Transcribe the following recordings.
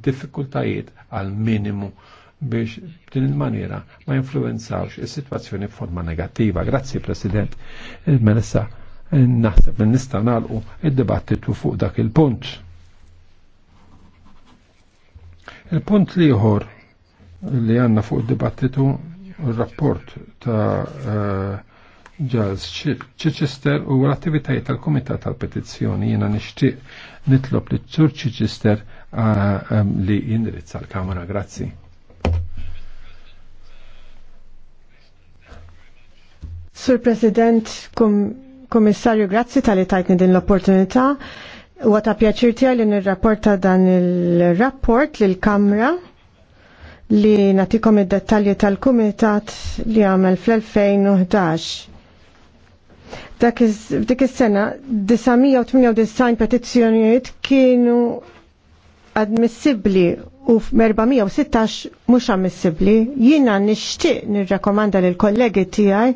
id-diffikultajiet għal minimu biex din il-maniera ma influenzawx is-sitwazzjoni f'forma negattiva. Grazzi President. Il-Melissa eh, eh, naħseb li nista' nagħlqu id-dibattitu fuq dak il-punt. Il-punt liħor li għanna fuq dibattitu il-rapport ta' eh, Giles Chichester u l-attivitajiet tal-Komitat tal-Petizzjoni jiena nixtieq nitlob li ċur Chichester Ah, li jindirizza l-Kamra. Grazzi. Sur President, Komissarju, grazzi tal-li tajtni din l-opportunità. U għata pjaċir tijaj li nirrapporta dan il-rapport li l-Kamra li natikom id-dettalji tal-Kumitat li għamel fl-2011. Dik is-sena 998 petizzjonijiet kienu admissibli u f-416 mux ammissibli, jina nishtiq nirrekomanda l kollegi tijaj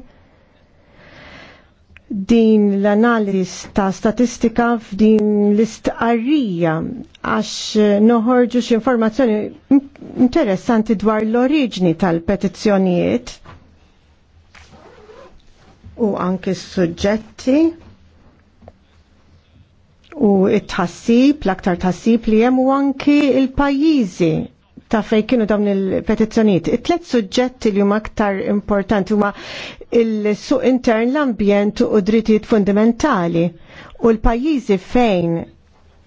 din l-analiz ta' statistika f'din l-istqarrija għax noħorġu x informazzjoni interessanti dwar l-oriġni tal-petizzjonijiet u anke s-suġġetti u it-tħassib, l-aktar tħassib li hemm u anki il-pajjiżi ta' fej kienu dawn il-petizzjoniet. It-tlet suġġetti li huma aktar importanti huma il-suq intern l-ambjent u drittijiet fundamentali. U l-pajjiżi fejn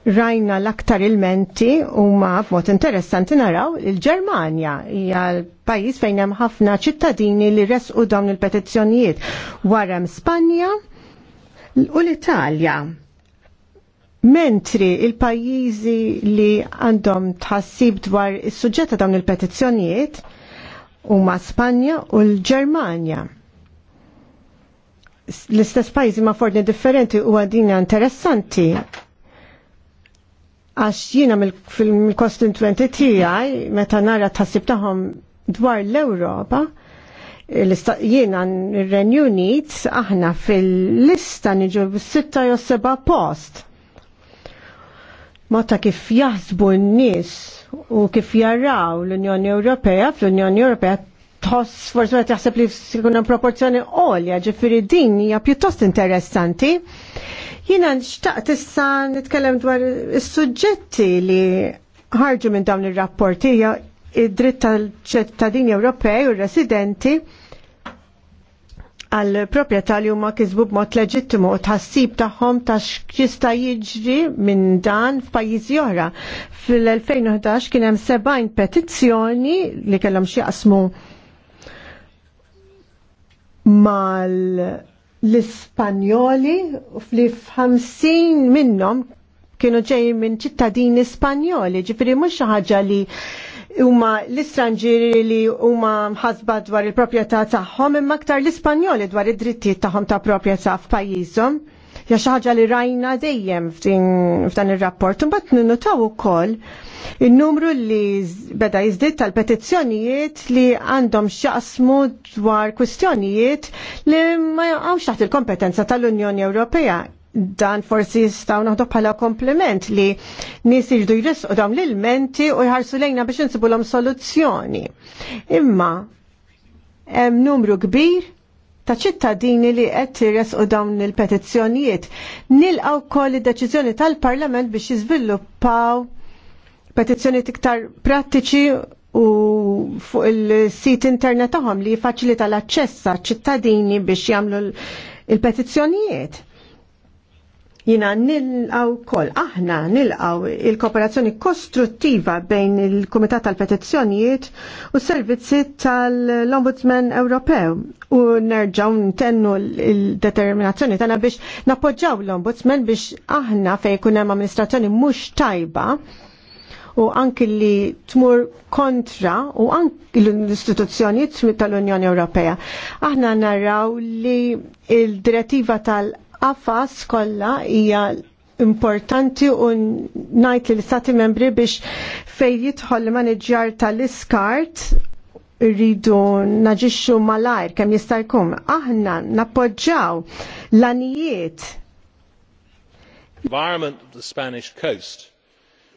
rajna l-aktar ilmenti huma b'mod interessanti naraw il-Ġermanja hija l-pajjiż fejn hemm ħafna ċittadini li resqu dawn il-petizzjonijiet wara Spanja u l-Italja mentri il-pajjiżi li għandhom tħassib dwar is-suġġetta dawn il-petizzjonijiet huma Spanja u l-Ġermanja. L-istess pajjiżi ma' forni differenti huwa dinja interessanti għax jiena mill 20 tiegħi meta nara tħassib tagħhom dwar l-Ewropa, jina r-Renju Unit aħna fil-lista nġu sitta jew seba' post Ma ta' kif jaħsbu n-nies u kif jarraw l-Unjoni Ewropea, fl-Unjoni Ewropea tħoss forsi ma taħseb li sikun hemm proporzjoni għolja, ġifiri din hija pjuttost interessanti. Jiena nxtaq tista' nitkellem dwar is-suġġetti li ħarġu minn dawn ir-rapporti hija id-dritt tal-ċittadini Ewropej u r residenti għal proprjetà li huma kisbu b'mod leġittimu u tħassib tagħhom ta' x'jista' jiġri minn dan f'pajjiżi oħra. Fil-2011 kien hemm 70 petizzjoni li kellhom x'jaqsmu mal l-Ispanjoli u fl-50 minnhom kienu ġej minn ċittadini Spanjoli, ġifieri mhux xi ħaġa li huma l-istranġiri li huma mħasba dwar il-proprjetà tagħhom imma aktar l-Ispanjoli dwar id-drittijiet tagħhom ta' proprjetà f'pajjiżhom. Ja xi ħaġa li rajna dejjem f'dan ir-rapport. Imbagħad ninnutaw ukoll in-numru li beda jiżdied tal-petizzjonijiet li għandhom x'jaqsmu dwar kwistjonijiet li ma hawnx taħt il-kompetenza tal-Unjoni Ewropea dan forsi staw naħdu bħala kompliment li nis jiġdu jrisqu dawn l-ilmenti u jħarsu lejna biex insibulhom soluzzjoni. Imma hemm numru kbir ta' ċittadini li qed tirresqu dawn il-petizzjonijiet. Nilqgħu wkoll id-deċiżjoni tal-Parlament biex jiżviluppaw petizzjonijiet iktar prattiċi u fuq il-sit internet tagħhom li jfaċilita l-aċċess ċittadini biex jagħmlu il-petizzjonijiet. Jina nilqaw kol, aħna nilqaw il-kooperazzjoni kostruttiva bejn il-Komitat tal-Petizzjonijiet u servizzi tal-Ombudsman Ewropew u nerġaw ntennu il-determinazzjoni tagħna biex nappoġġaw l-Ombudsman biex aħna fejn jkun hemm amministrazzjoni mhux tajba u anki li tmur kontra u anki l-istituzzjonijiet tal-Unjoni Ewropea. Aħna narraw li il-direttiva tal- għafas kollha hija importanti u najt li l-istati membri biex fej jitħol manager tal-iskart rridu naġixxu malajr kemm jista' jkun. Aħna napoġġaw l-anijiet. Environment of the Spanish coast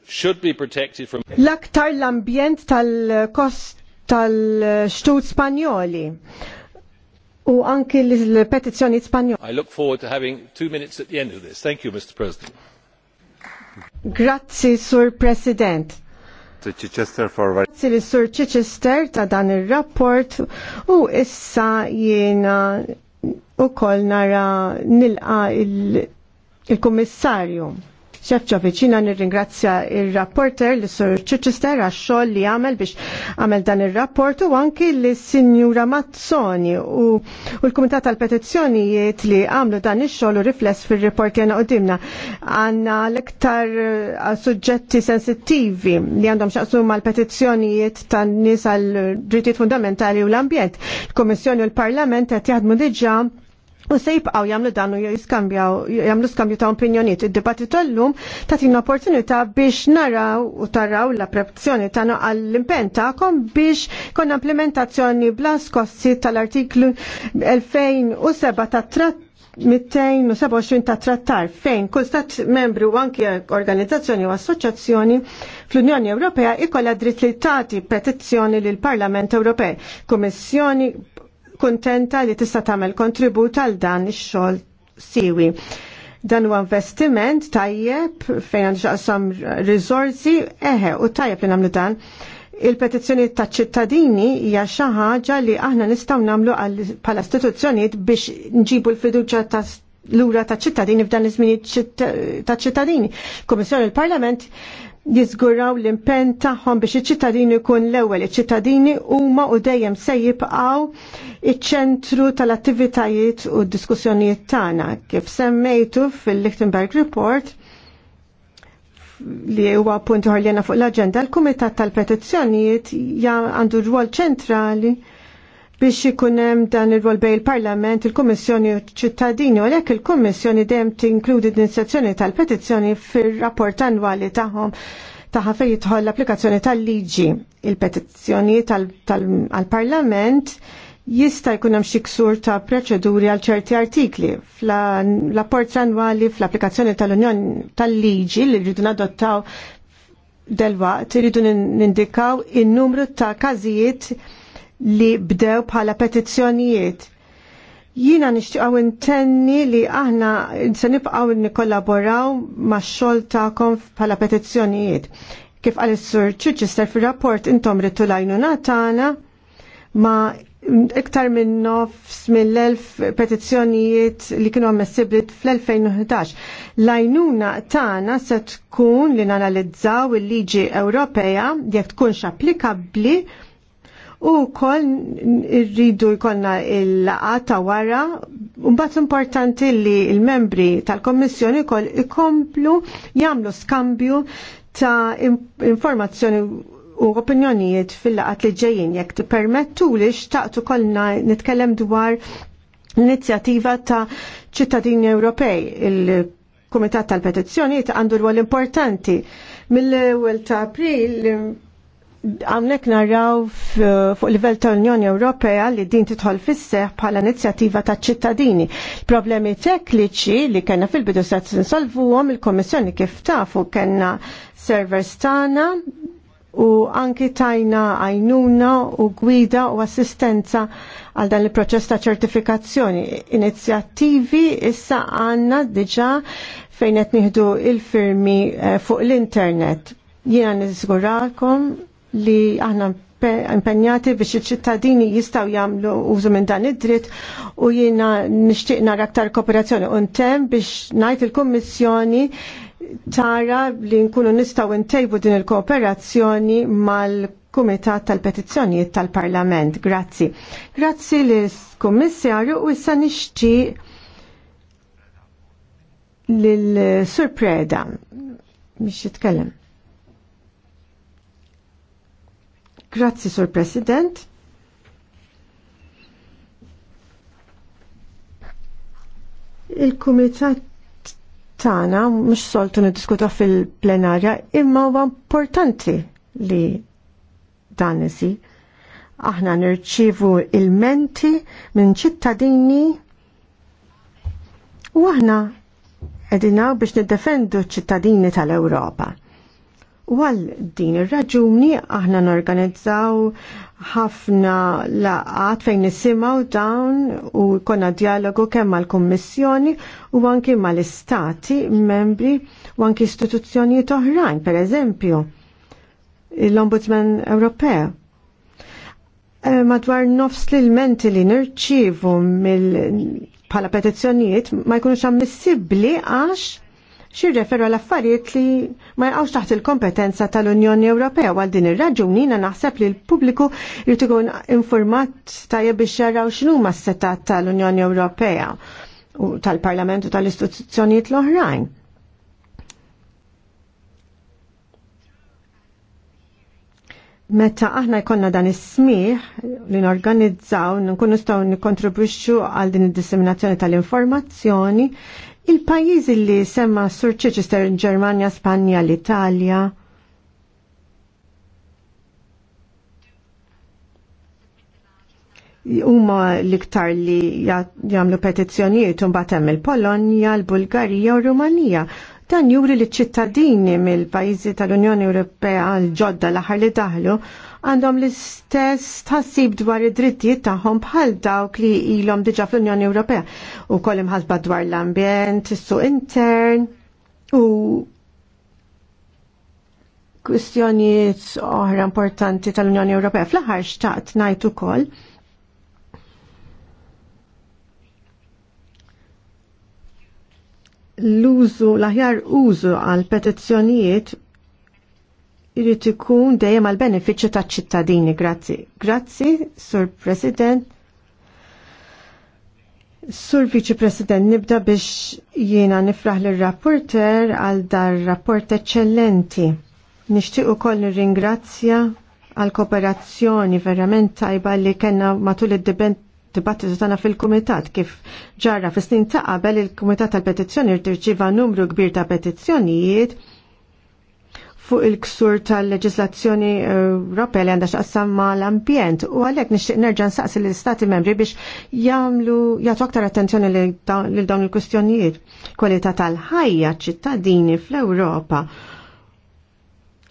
should be protected from L-aktar l-ambjent tal-kost tal-xtut Spanjoli u anki l-petizzjoni Spanjol. I look forward to having two minutes at the end of this. Thank you, Mr. President. Grazzi, Sur President. Grazzi li Sur Chichester ta' dan il-rapport u issa jena u kol nara nilqa il il, il kummissarju Ċefċovic, jina nirringrazzja il-rapporter li sur Chichester għax-xogħol li għamel biex għamel dan il-rapport u anki li sinjura Mazzoni u, l-Kumitat tal-Petizzjonijiet li għamlu dan ix-xogħol u rifless fil-report jena dimna għandna l-iktar uh, suġġetti sensittivi li għandhom xaqsu mal-petizzjonijiet tan-nies l drittijiet fundamentali u l-ambjent. Il-Kommissjoni u l-Parlament qed jaħdmu diġà u se jibqaw jagħmlu dan u jiskambjaw jagħmlu skambju ta' opinjonijiet. Id-dibattitu llum tagħtina opportunità biex naraw u taraw la preparazzjoni tagħna għall-impenn tagħkom biex konna implementazzjoni bla skossi tal-artiklu 2007 ta' tratt 227 ta' trattar fejn kull stat membru u anki organizzazzjoni u assoċjazzjoni fl-Unjoni Ewropea ikolla dritt li tagħti petizzjoni lill Parlament Ewropej, Kummissjoni kuntenta li tista' tagħmel kontribut għal dan ix-xogħol siwi dan huwa investiment tajjeb fejn għandu xaqsam riżorsi eħe, u tajjeb li nagħmlu dan. Il-petizzjoni ta' ċittadini hija xi ħaġa li aħna nistgħu nagħmlu bħala istituzzjonijiet biex nġibu l-fiduċja ta' lura ta' ċittadini f'dan iż-żmien ta' ċittadini. Kummissjoni il-Parlament jizguraw l-impen tagħhom biex iċ-ċittadini jkun l-ewwel. Iċ-ċittadini huma u dejjem se jibqa'w iċ-ċentru tal-attivitajiet u d-diskussjonijiet tagħna. Kif semmejtu fil-Lichtenberg Report li huwa punt ħorlena fuq l-aġenda, l-Kumitat tal-Petizzjonijiet għandu rwol ċentrali biex ikunem dan il-rol bej il-Parlament, il-Kommissjoni u ċittadini, u għalek il-Kommissjoni dem tinkludi d inizjazzjoni tal-petizzjoni fil-rapport annwali taħom taħħa fej jitħol l-applikazzjoni tal-liġi. Il-petizzjoni tal-Parlament jista' jkun hemm xi ksur ta' proċeduri għal ċerti artikli. Fl-rapport annwali fl-applikazzjoni tal-Unjoni tal-liġi li rridu nadottaw delwaqt irridu nindikaw in-numru ta' każijiet li bdew bħala petizzjonijiet. Jina nishtiqaw intenni li aħna se nibqgħu nikkollaboraw ma xogħol tagħkom bħala petizzjonijiet. Kif qal is-Sur Chichester fir-rapport intom rittu lajnuna tagħna ma' iktar minn nofs mill 1000 petizzjonijiet li kienu ammessiblit fl-2011. Lajnuna tagħna se tkun li nanalizzaw il-liġi Ewropea jekk tkunx applikabbli u kol rridu jkollna il laqata ta' wara u mbagħad importanti li il-membri tal-Kommissjoni kol ikomplu jagħmlu skambju ta' informazzjoni u opinjonijiet fil-laqat li ġejjin jekk permettu li xtaqtu kolna nitkellem dwar l-inizjattiva ta' ċittadini Ewropej. Il-Kumitat tal-Petizzjonijiet għandu rwol importanti. Mill-ewwel ta' April għamnek narraw fuq livell ta' Unjoni Ewropea li din titħol fis bħala inizjattiva ta' ċittadini. Problemi tekniċi li kena fil-bidu se għom il komissjoni kif tafu kena servers tagħna u anki tajna għajnuna u gwida u assistenza għal dan il-proċess ta' ċertifikazzjoni. Inizjattivi issa għanna diġa fejn qed nieħdu il-firmi eh, fuq l-internet. Jiena niżgurakom li aħna impenjati biex iċ-ċittadini jistaw jagħmlu użu minn dan id-dritt u jina nixtieq nara aktar kooperazzjoni tem biex ngħid il-Kummissjoni tara li nkunu nistaw intejbu din il-kooperazzjoni mal-Kumitat tal-Petizzjonijiet tal-Parlament. Grazzi. Grazzi s kummissarju u issa nixtieq lil surpreda Mish jitkellem. Grazzi, Sur President. Il-Kumitat tana mhux soltu niddiskuta fil-plenarja imma huwa importanti li dan Aħna nirċivu il-menti minn ċittadini u aħna edina biex niddefendu ċittadini tal-Ewropa. U għal din ir-raġuni aħna norganizzaw ħafna laqat fejn nisimaw dawn u konna dialogu kemm mal-Kummissjoni u anki mal-Istati membri u anki istituzzjonijiet oħrajn, per eżempju, l-Ombudsman Ewropew. Eh, madwar nofs l-menti li nirċivu mill pala petizzjonijiet ma jkunux ammissibli għax referu l-affarijiet li ma jgħawx taħt il-kompetenza tal-Unjoni Ewropea għal din ir-raġuni jiena naħseb li l-pubbliku jrid ikun informat tajjeb biex jaraw x'inhuma s-setat tal-Unjoni Ewropea u tal-Parlament u tal-istituzzjonijiet l-oħrajn. Meta aħna jkonna dan is-smih li norganizzaw nkunu staw nikkontribwixxu għal din id-disseminazzjoni tal-informazzjoni, Il-pajjiżi li semma Sur Chichester Ġermanja, Spanja, l-Italja. Huma l-iktar li jagħmlu petizzjonijiet un batem hemm il-Polonja, l-Bulgarija u Rumanija Dan juri li ċittadini mill-pajjiżi tal-Unjoni Ewropea l-ġodda l-aħħar li daħlu għandhom l-istess tħassib dwar id-drittijiet tagħhom bħal dawk li ilhom diġà fl-Unjoni Ewropea. U koll imħasba dwar l-ambjent, is-suq intern u kwistjonijiet oħra importanti tal-Unjoni Ewropea. Fl-aħħar xtaqt ngħid ukoll l-użu, l-aħjar użu għal petizzjonijiet irrit ikun dejjem għal benefiċċju taċ-ċittadini. Grazzi. Grazzi, Sur President. Sur Viċi President, nibda biex jiena nifraħ l-rapporter għal dar rapport eccellenti. Nixtieq ukoll ringrazzja għal kooperazzjoni verament tajba li kena matul id-dibent Tibattitu tagħna fil-kumitat kif ġarra fis-snin ta' qabel il-kumitat tal-petizzjoni rtirċiva numru kbir ta' petizzjonijiet fuq il-ksur tal-leġislazzjoni eh, Ewropea li għandha x'qassam mal-ambjent u għalhekk nixtieq nerġa' nsaqsi l-istati membri biex jagħmlu jagħtu aktar attenzjoni lil dawn il-kwistjonijiet. Kwalità tal-ħajja ċittadini fl-Ewropa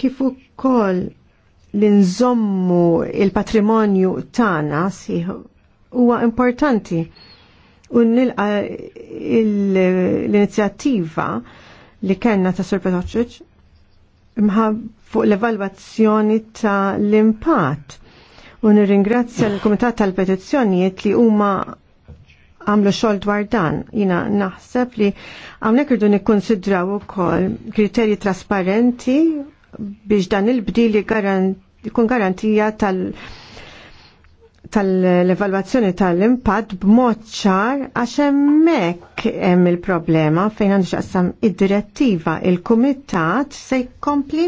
kif ukoll l-inżommu il-patrimonju tagħna sieħu huwa importanti u nilqa l-inizjattiva li kellna ta' Sir Petoċiċ fuq l-evalwazzjoni ta' l-impatt u nirringrazzja l-Kumitat tal-Petizzjonijiet li huma għamlu xogħol dwar dan. Jina naħseb li hawnhekk irdu nikkonsidraw ukoll kriterji trasparenti biex dan il bdili jkun garantija tal- tal-evalwazzjoni tal-impatt b'mod ċar għax hemmhekk hemm il-problema fejn għandu x'qassam id-direttiva il-kumitat se jkompli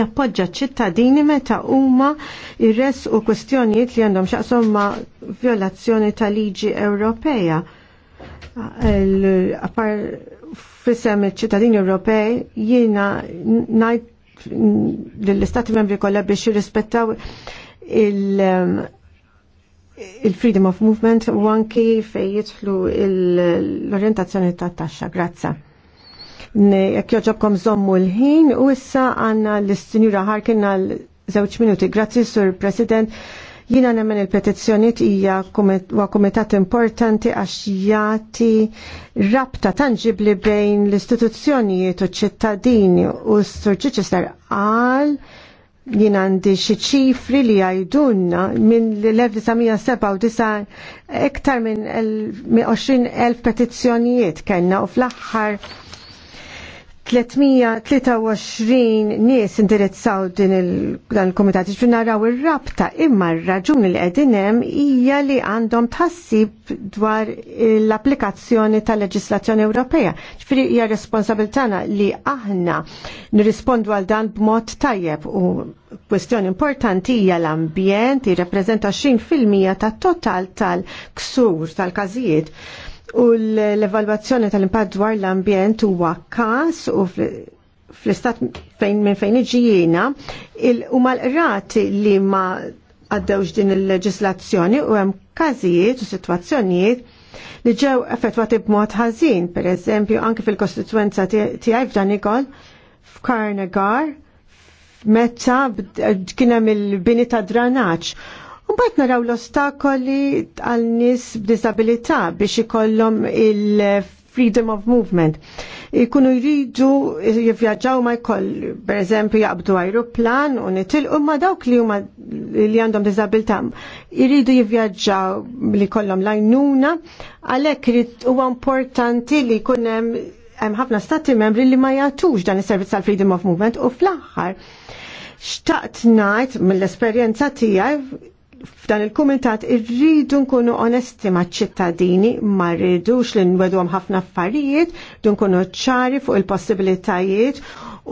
jappoġġa ċittadini meta huma irres u kwestjonijiet li għandhom x'aqshom ma' violazzjoni tal-liġi Ewropea. Apar fissem il-ċittadini Ewropej jiena ngħid lill istati membri kollha biex jirrispettaw il- il-freedom of movement u anki fej jidħlu l-orientazzjoni ta' taxxa. Grazza. Jekk joġobkom żommu l-ħin u issa għanna l-istinjura ħarkin għal żewġ minuti. Grazzi, Sur President. Jina nemmen il-petizzjoniet hija huwa kumitat importanti għax jati rabta tangibli bejn l-istituzzjonijiet u ċittadini u s-Sur Chichester għal jien għandi xi ċifri li għajdunna minn l-1997 iktar minn 20,000 petizzjonijiet kellna u fl-aħħar 323 nies indirizzaw din il-komitat ġifri naraw ir-rabta imma r-raġuni li qegħdin hemm hija li għandhom tħassib dwar l-applikazzjoni tal-leġislazzjoni Ewropea. Ġifri hija responsabiltana li aħna nirrispondu għal dan b'mod tajjeb u kwestjoni importanti hija l-ambjent jirrappreżenta 20% tat-total tal-ksur tal-każijiet. tal ksur tal każijiet U l-evalwazzjoni tal-impatt dwar l-ambjent huwa każ u fl-istat fejn minn fejn iġijina, huma l-rati li ma għaddewx din il-leġislazzjoni u hemm każijiet u sitwazzjonijiet li ġew effettwati b'mod ħażin, pereżempju anke fil-kostituenza tiegħi f'Danigol, f'Karnegar, meta kien hemm il-bini ta' dranaġġ Mbagħad naraw l-ostakoli għal nies b'disabilità biex ikollhom il-freedom of movement. Ikunu jridu jivvjaġġaw ma jkoll, pereżempju jaqbdu ajruplan u nitilqu ma dawk li huma li għandhom disabilità jridu jivvjaġġaw li kollom lajnuna għalhekk huwa importanti li jkun hemm hemm ħafna stati membri li ma jagħtux dan is-servizz tal-Freedom of Movement u fl-aħħar xtaqt ngħid mill-esperjenza tiegħi f'dan il-kumitat irridu nkunu onesti ma' ċittadini, ma' rridux li nwedu ħafna affarijiet, dun kunu ċari fuq il-possibilitajiet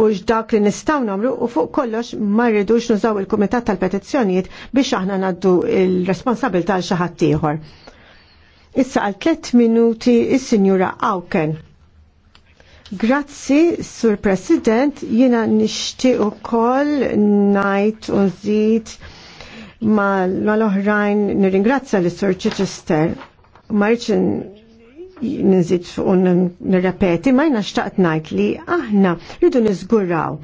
u x'dak li nistgħu nagħmlu u fuq kollox ma rridux nużaw il-kumitat tal-petizzjonijiet biex aħna naddu il-responsabilità għal xi ħadd ieħor. Issa għal tliet minuti is-Sinjura Awken. Grazzi, Sur President, jina nishtiq u koll najt unżid mal-oħrajn nir nirringrazzja l-Sur Chichester marċin un fuq nirrepeti ma jna xtaqt najt li aħna rridu nizguraw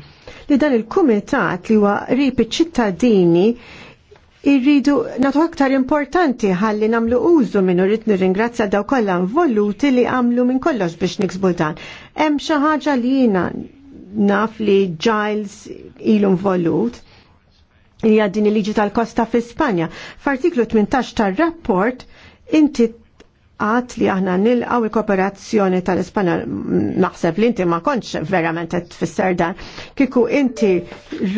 li dan il-kumitat li huwa ripi ċittadini irridu natu aktar importanti ħalli namlu użu rrit nir nirringrazzja daw kollha voluti li għamlu minn kollox biex niksbu dan. Hemm xi ħaġa li jiena naf li Giles ilu volut li għaddin il-liġi tal-kosta fi Spanja. F'artiklu 18 tal-rapport inti għat li aħna nilqaw il-kooperazzjoni tal-Ispanja naħseb li inti ma konċ verament qed tfisser dan. Kiku inti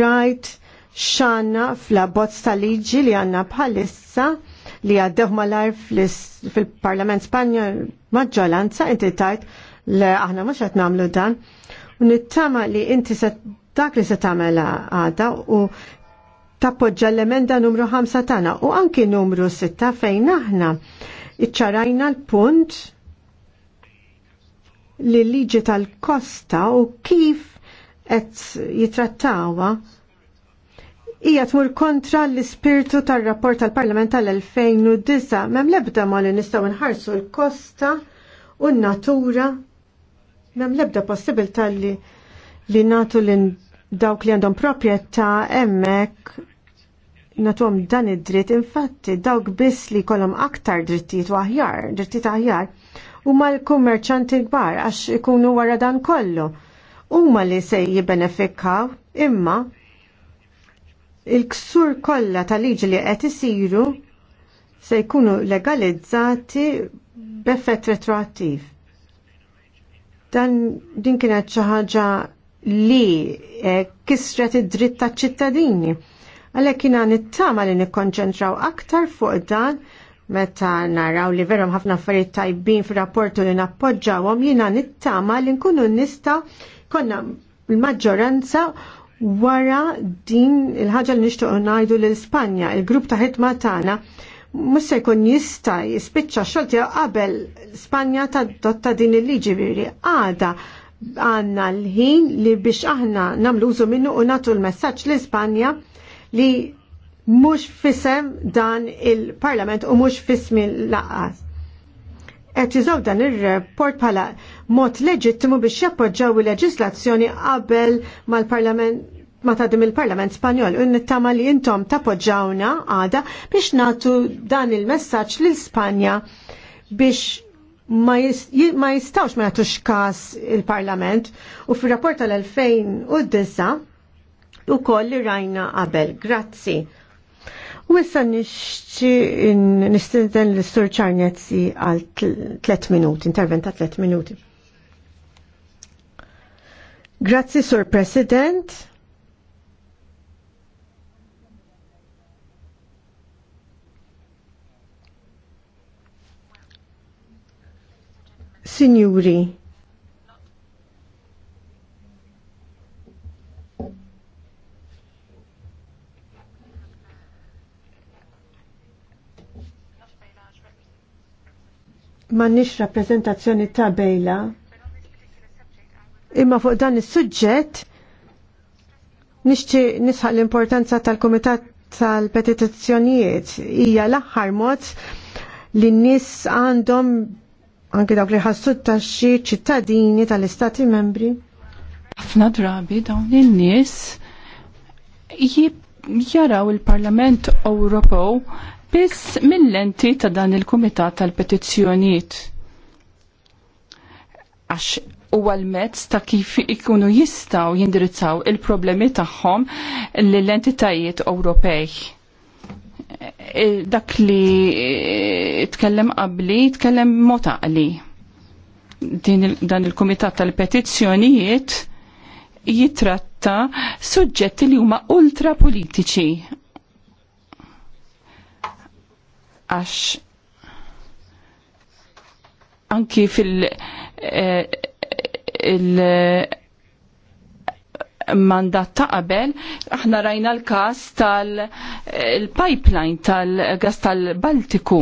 rajt xanna fl-abbozz tal-liġi li għanna bħalissa li għaddew malar fil-Parlament Spanja maġġolanza inti tajt li aħna mhux qed nagħmlu dan. U nittama li inti dak li se tamela għada u tappoġġa l-emenda numru 5 tagħna u anki numru 6 fejn aħna iċċarajna l-punt li liġi tal-kosta u kif qed jitrattawa hija tmur kontra l-ispirtu tar-rapport tal-Parlament tal-2009 m'hemm lebda ma li nistgħu nħarsu l-kosta u n-natura m'hemm lebda ebda tal li li natu l dawk li għandhom proprjetà hemmhekk natom dan id-dritt, infatti dawk biss li kolom aktar drittijiet aħjar, drittijiet aħjar, u mal-kummerċanti kbar għax ikunu wara dan kollu. Huma li se jibbenefikaw imma il-ksur kollha tal-liġi li qed isiru se jkunu legalizzati b'effett retroattiv. Dan din kienet xi ħaġa li eh, kisret id-dritt taċ ċittadini. Għalhekk jiena nittama li nikkonċentraw aktar fuq dan meta naraw li verhom ħafna affarijiet tajbin fir-rapportu li nappoġġawhom jiena nittama li nkunu nista konna l-maġġoranza wara din il-ħaġa li nixtieq ngħidu l ispanja il-grupp ta' ħitma tagħna mhux se jkun jista' jispiċċa xogħol tiegħu qabel Spanja tadotta din il-liġi biri għada għanna l-ħin li biex aħna namlu użu minnu u natu l-messagġ l-Ispanja li mux fissem dan il-parlament u mux fismi l-laqqas. Et dan il-report pala mod leġittimu biex jappoġġaw il-leġislazzjoni qabel mal-parlament ma tadim il-Parlament Spanjol u nittama li intom tappoġġawna għada biex natu dan il-messaċ l-Spanja biex ma, jistawx ma jagħtux każ il-Parlament u fir-rapport tal-2009 ukoll li rajna qabel. Grazzi. U issa nistiden l-Sur ċarnetzi għal 3 minuti, intervent ta' 3 minuti. Grazzi, Sur President. ma nix rappresentazzjoni ta' bejla. Imma fuq dan is-suġġett nixti nisħaq l-importanza tal-Kumitat tal petitazzjonijiet hija l-aħħar mod li n-nies għandhom anki dawk li ħassu taxxi ċittadini tal-istati membri? Ħafna drabi dawn in-nies jaraw il-Parlament Ewropew biss mill-lenti ta' dan il-Kumitat tal-Petizzjonijiet. Għax huwa l-mezz ta' kif ikunu jistaw jindirizzaw il-problemi tagħhom lill-entitajiet Ewropej dak li eh, tkellem qabli tkellem motaqli. Dan il-Kumitat tal-Petizzjonijiet jitratta suġġetti li huma ultra politiċi. Għax anki fil- eh, il- mandat ta' qabel, aħna rajna l-kas tal-pipeline eh, tal-gas tal-Baltiku.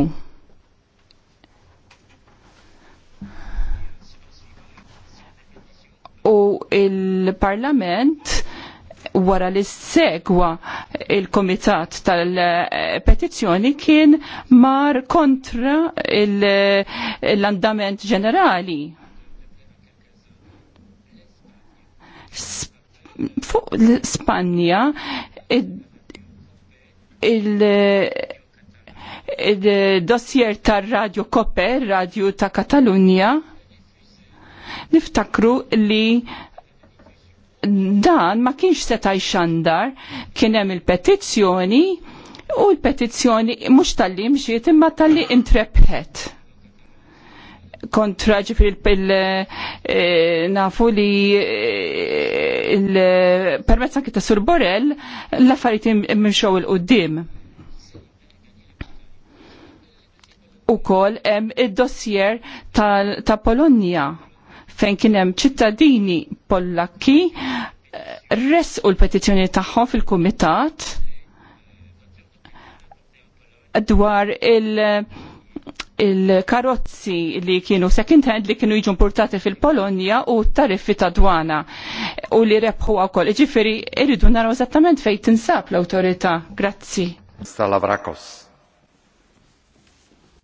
U il-Parlament wara li segwa il-komitat tal-petizzjoni kien mar kontra l-andament ġenerali fuq l-Spanja il-dossier il dossier ta' tar radio Koper, Radio ta' Katalunja, niftakru li dan ma kienx seta' xandar, kien hemm il-petizzjoni u l-petizzjoni mhux tal-li mxiet imma tal-li intrepħet kontra ġifiri eh, nafu li eh, il-permezz anki ta' Sur Borrell l-affarijiet imxew il-qoddim. U kol hemm id-dossier ta' Polonia, fejn kien hemm ċittadini Pollakki eh, ressqu l-petizzjoni tagħhom fil-kumitat dwar il- il-karozzi li kienu second hand li kienu jiġu importati fil-Polonja u tariffi ta' dwana u li rebħu għakol. Ġifiri, irridu naraw eżattament fej tinsab l-autorita. Grazzi. Salabrakos.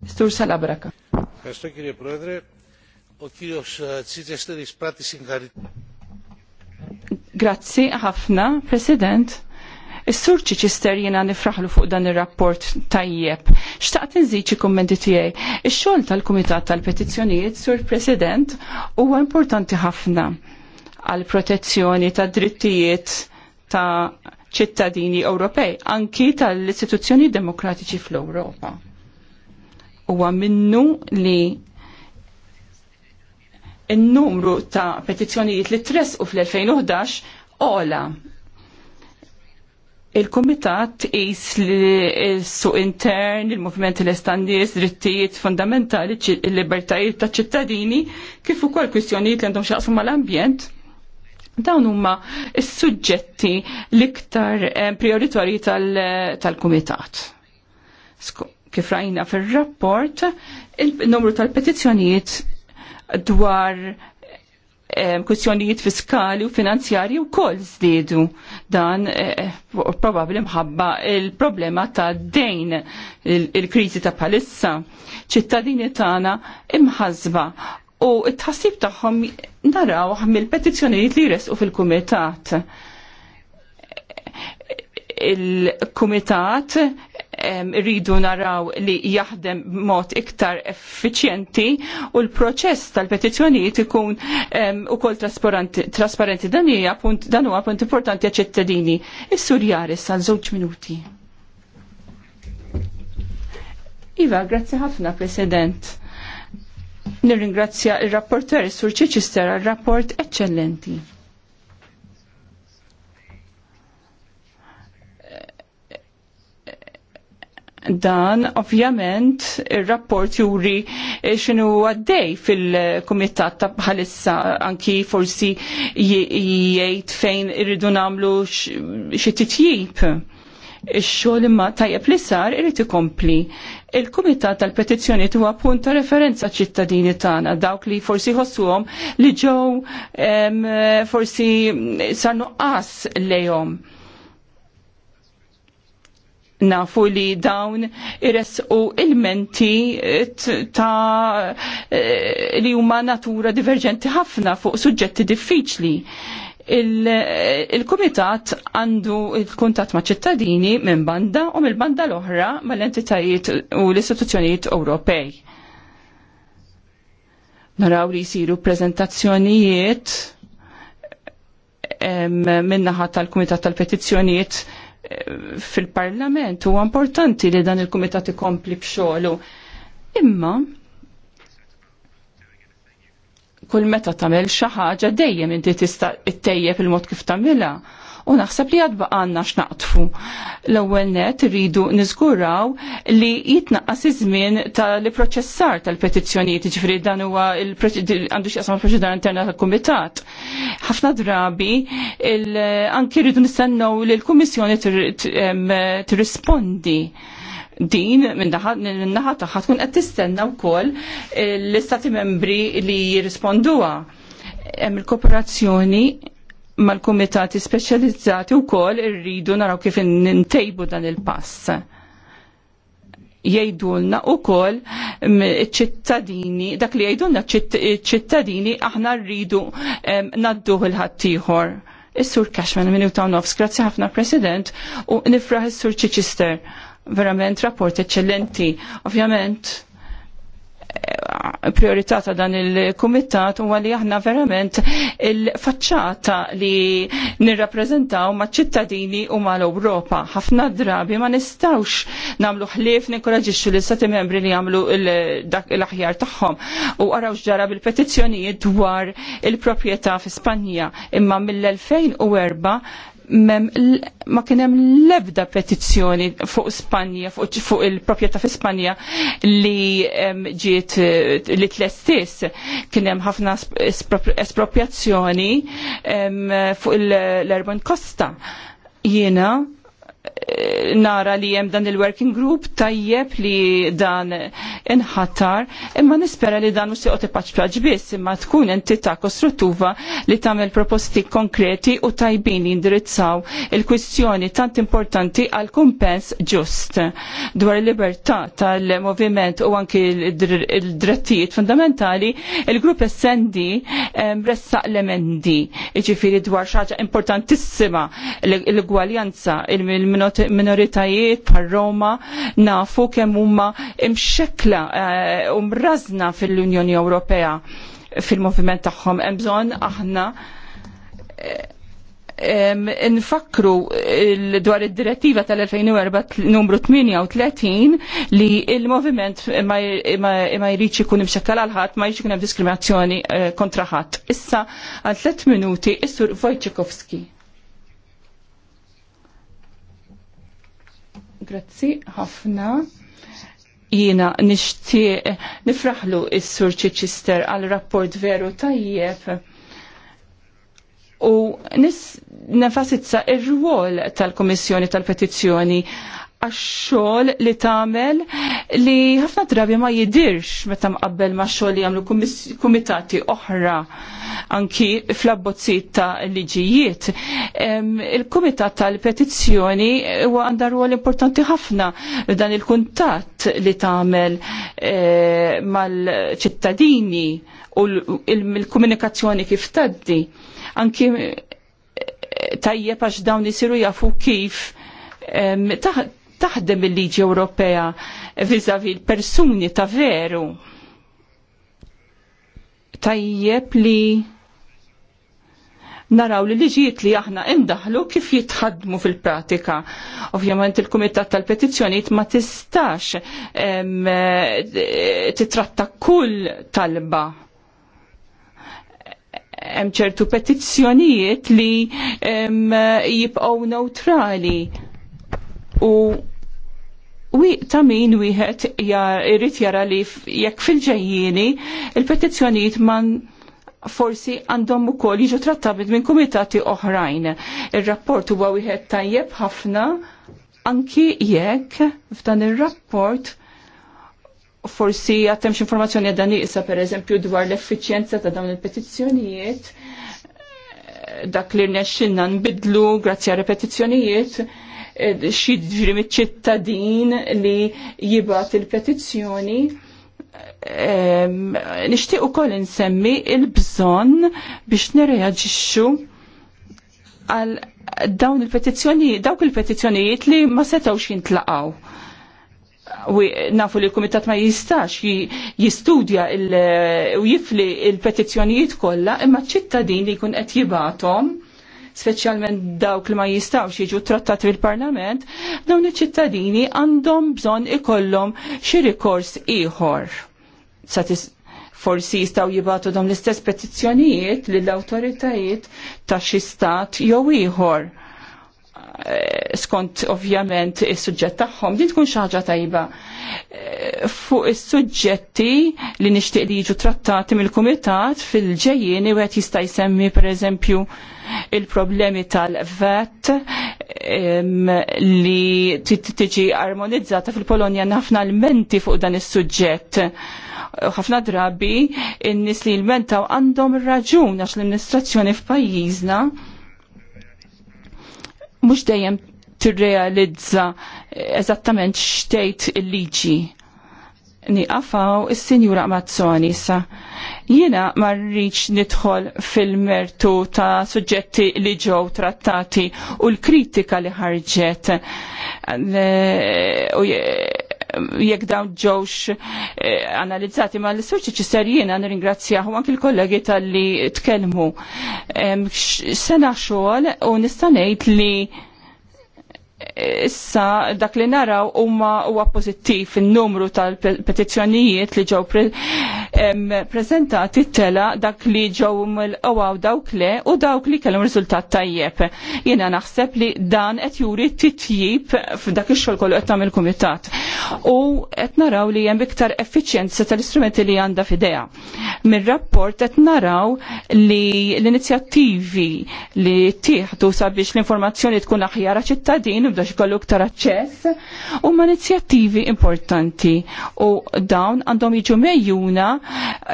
Stur Salabraka. Ευχαριστώ kire Πρόεδρε. O κύριος Τσίτζεστερης prati συγχαρητήρια. Grazzi ħafna, President. Is-sur Chichester jiena nifraħlu fuq dan ir-rapport tajjeb. Xtaqt inżid xi kummenti tiegħi. Ix-xogħol tal-Kumitat tal-Petizzjonijiet, Sur President, huwa importanti ħafna għal protezzjoni ta' drittijiet ta' ċittadini Ewropej, anki tal-istituzzjoni demokratiċi fl-Ewropa. Huwa minnu li n-numru ta' petizzjonijiet li tresqu fl-2011 ola Il-Kumitat is suq intern, il-movement l-estandis, drittijiet fundamentali, il-libertajiet ta' ċittadini, kif ukoll kwistjonijiet li għandhom xaqsu mal-ambjent, dawn huma s-suġġetti l-iktar eh, prioritorji tal-Kumitat. kif rajna fir-rapport, il-numru tal-petizzjonijiet dwar kwistjonijiet fiskali u finanzjarji u koll zdidu dan eh, probabli mħabba il-problema ta' dejn il-krizi ta' palissa ċittadini tagħna imħazba u t-tħassib tagħhom naraw mill-petizzjonijiet li jresqu fil-kumitat il-kumitat rridu naraw li jaħdem mod iktar effiċjenti u l-proċess tal-petizzjonijiet ikun ukoll trasparenti dan hija punt dan huwa punt importanti għaċ-ċittadini. Is-sur Jaris għal żewġ minuti. Iva, grazzi ħafna, President. Nirringrazzja il-rapporter Sur Chichester għal rapport eccellenti. Dan, ovvjament, il-rapport juri eh, xinu għaddej fil-komitat ta' bħalissa anki forsi jgħid fejn irridu namlu xi titjib. Ix-xogħol imma tajjeb li sar irid ikompli. Il-Kumitat tal-Petizzjoni huwa punta referenza ċittadini tagħna dawk li forsi ħossuhom li ġew forsi sar nuqqas lejhom nafu li dawn u il-menti eh, ta' eh, li huma natura diverġenti ħafna fuq suġġetti diffiċli. Eh, Il-Kumitat il għandu il-kuntat ma' ċittadini minn banda u mill banda l-oħra mal-entitajiet u l-istituzzjonijiet Ewropej. Naraw li jisiru prezentazzjonijiet minnaħat tal-Kumitat tal-Petizzjonijiet fil-parlament huwa importanti li dan il-kumitat ikompli b'xogħlu. Imma kull meta tagħmel xi ħaġa dejjem inti tista' ttejjeb il-mod kif tagħmilha u naħseb li għadba għanna x'naqtfu. L-ewwel net rridu niżguraw li jitnaqqas iż-żmien tal-proċessar tal-petizzjonijiet, ġifri dan huwa għandu x'jaqsam il-proċedura interna tal-kumitat. Ħafna drabi anki rridu nistennew li l-Kummissjoni tirrispondi din minn naħa taħħa tkun qed tistenna wkoll l-istati membri li jirrisponduha. Hemm il-kooperazzjoni mal-kumitati speċjalizzati wkoll irridu naraw kif nintejbu dan il-pass. Jgħidulna wkoll ċittadini, dak li jgħidulna ċittadini aħna rridu nadduh il ħattijħor Is-Sur Cashman minn ta' nofs, grazzi ħafna President, u nifraħ is-Sur Chichester. Verament rapport eccellenti. Ovvjament, priorità ta' dan il-kumitat huwa li aħna verament il-faċċata li nirrappreżentaw ma' ċittadini u mal europa Ħafna drabi ma nistawx nagħmlu ħlief ninkoraġixxu l sati membri li għamlu dak l-aħjar tagħhom u għaraw ġara bil-petizzjonijiet dwar il-proprjetà fi Spanja imma mill-2004 mem, ma kienem lebda petizzjoni fuq Spanja, fuq, fuq il-propieta fi Spanja li ġiet li tlestis kienem ħafna espropjazzjoni fuq l erbon Costa. Jiena nara li jem dan il-working group tajjeb li dan inħattar imma nispera li dan mux joqti paċ biss imma tkun entità kostruttuva li tamel proposti konkreti u tajbin indirizzaw il-kwistjoni tant importanti għal kumpens ġust dwar il-libertà tal-moviment u anki il drettijiet fundamentali il-grupp essendi ressaq l-emendi iġifiri dwar xaġa importantissima l-gwaljanza il minoritajiet par Roma nafu kemm huma imxekla eh, u mrażna fil-Unjoni Ewropea fil-moviment tagħhom hemm bżonn aħna eh, nfakru dwar id-direttiva tal-2004 numru 38 li il-moviment ma jridx ikun imxekkal għal ħadd ma jridx ikun hemm diskriminazzjoni eh, kontra ħadd. Issa għal tliet minuti is-sur Wojciechowski. Grazzi ħafna. jina nixtieq nifraħlu is-Sur Chichester għal rapport veru tajjeb. U nis nefasitza ir-rwol tal-Komissjoni tal-Petizzjoni għaxxol xogħol li tagħmel li ħafna drabi ma jidirx meta mqabbel ma' xogħol li jagħmlu kumitati oħra anki fl-abbozzit ta' liġijiet. Il-kumitat tal-petizzjoni huwa għandha rwol importanti ħafna dan il-kuntatt li tagħmel eh, mal-ċittadini u l-komunikazzjoni kif taddi. Anki eh, tajjeb għax dawn isiru jafu kif taħdem il-liġi Ewropea vizavi l-persuni ta' veru. Tajjeb li naraw li liġijiet li aħna indaħlu kif jitħadmu fil-pratika. Ovvjament il-Kumitat tal-Petizzjoniet ma tistax titratta kull talba hemm ċertu petizzjonijiet li jibqgħu neutrali u Wi ta' min wieħed jrid jara li jekk fil-ġejjieni il-petizzjonijiet man forsi għandhom ukoll jiġu trattabit minn kumitati oħrajn. Ir-rapport huwa wieħed tajjeb ħafna anki jekk f'dan ir-rapport forsi għattemx informazzjoni għadda nisa per eżempju dwar l-effiċjenza ta' dawn il-petizzjonijiet dak li rnexxinna nbidlu grazzi għal repetizzjonijiet Eh, xidri mit-ċittadin li jibat il-petizzjoni. Ehm, Nishtiq ukoll insemmi il-bżonn biex nirreaġixxu għal dawn il petizjoni dawk il-petizzjonijiet li ma setawx jintlaqaw nafu li l-Kumitat ma jistax jistudja u jifli il-petizzjonijiet kollha imma ċittadin li jkun qed jibatom speċjalment dawk li ma jistawx jiġu trattati fil-Parlament, dawn iċ-ċittadini għandhom bżonn ikollhom xi rikors ieħor. Forsi jistaw jibatu dom l-istess petizzjonijiet lill-awtoritajiet ta' xi stat jew ieħor eh, skont ovvjament is-suġġett tagħhom din tkun xi ħaġa tajba. Eh, fuq is-suġġetti li nixtieq li jiġu trattati mill-kumitat fil-ġejjieni wieħed jista' jsemmi pereżempju il-problemi tal-vet li tiġi armonizzata fil-Polonja ħafna l-menti fuq dan is-suġġett. ħafna drabi n-nis li l-mentaw għandhom raġun għax l-amministrazzjoni f'pajjiżna mhux dejjem tirrealizza eżattament xtejt il-liġi niqafaw is-Sinjura Mazzoni sa. Jiena marriċ nidħol fil-mertu ta' suġġetti li ġew trattati u l-kritika li ħarġet jekk dawn ġewx eh, analizzati ma l-istorċi ċisser jiena nirringrazzjahu anki l-kollegi tal-li tkellmu. Sena xogħol u nista' ngħid li issa dak li naraw huma huwa pożittiv in-numru tal-petizzjonijiet li ġew preżentati tela dak li ġew mill-qwaw dawk le u dawk li kellhom riżultat tajjeb. Jiena naħseb li dan qed juri titjib f'dak ix-xogħol kollu qed tagħmel kumitat. U qed naraw li hemm iktar effiċjenza tal-istrumenti li għandha f'idea. Mir-rapport qed naraw li l-inizjattivi li tieħdu sabiex l-informazzjoni tkun aħjar ċittadin kollox kollu ktar aċċess huma inizjattivi importanti u dawn għandhom jiġu mejjuna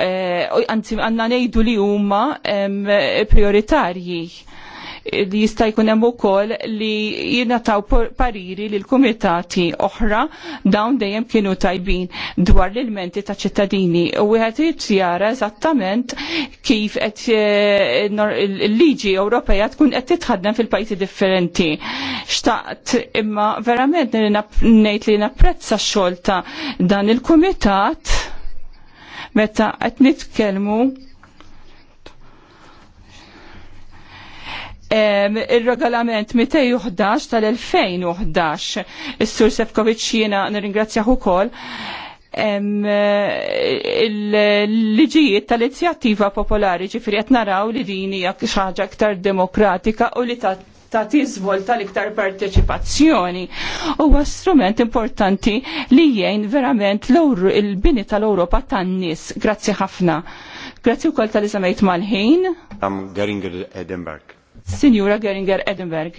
eh, anzi għandna ngħidu li huma prioritarji li jista' jkun hemm ukoll li jingħataw pariri lil kumitati oħra dawn dejjem kienu tajbin dwar l-ilmenti ta' ċittadini u wieħed irid jara eżattament kif qed eh, il-liġi Ewropea tkun qed titħaddem fil-pajjiżi differenti. Xtaqt imma verament ngħid li napprezza x-xogħol ta' dan il-kumitat meta qed nitkellmu il-regolament 211 tal-2011 is-Sur Sefkovic jiena nirringrazzjah ukoll il-liġijiet tal-inizjattiva popolari ġifri qed naraw li din hija xi ħaġa aktar demokratika u li ta' ta' tal iktar parteċipazzjoni. Huwa strument importanti li jgħin verament il-bini tal-Ewropa tan-nies. Grazzi ħafna. Grazzi wkoll tal-li mal-ħin. Am Geringer Edinburgh. Signora Geringer Edinburgh.